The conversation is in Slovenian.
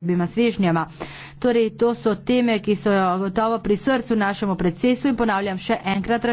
bima svežnjama. Torej, to so teme, ki so gotovo pri srcu našemu predsesu in ponavljam še enkrat.